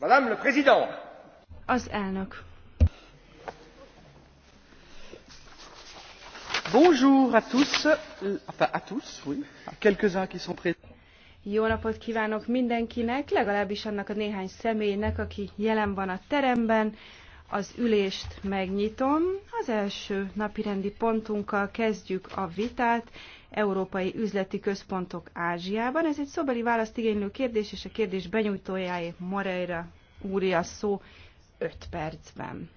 Madame le Président! Az elnök. Bonjour à tous, enfin à tous, oui, à quelques-uns qui sont présents. Jó napot kívánok mindenkinek, legalábbis annak a néhány személynek, aki jelen van a teremben. Az ülést megnyitom. Az első napirendi pontunkkal kezdjük a vitát. Európai Üzleti Központok Ázsiában. Ez egy szobeli választ igénylő kérdés, és a kérdés benyújtójáé Moreira úri szó 5 percben.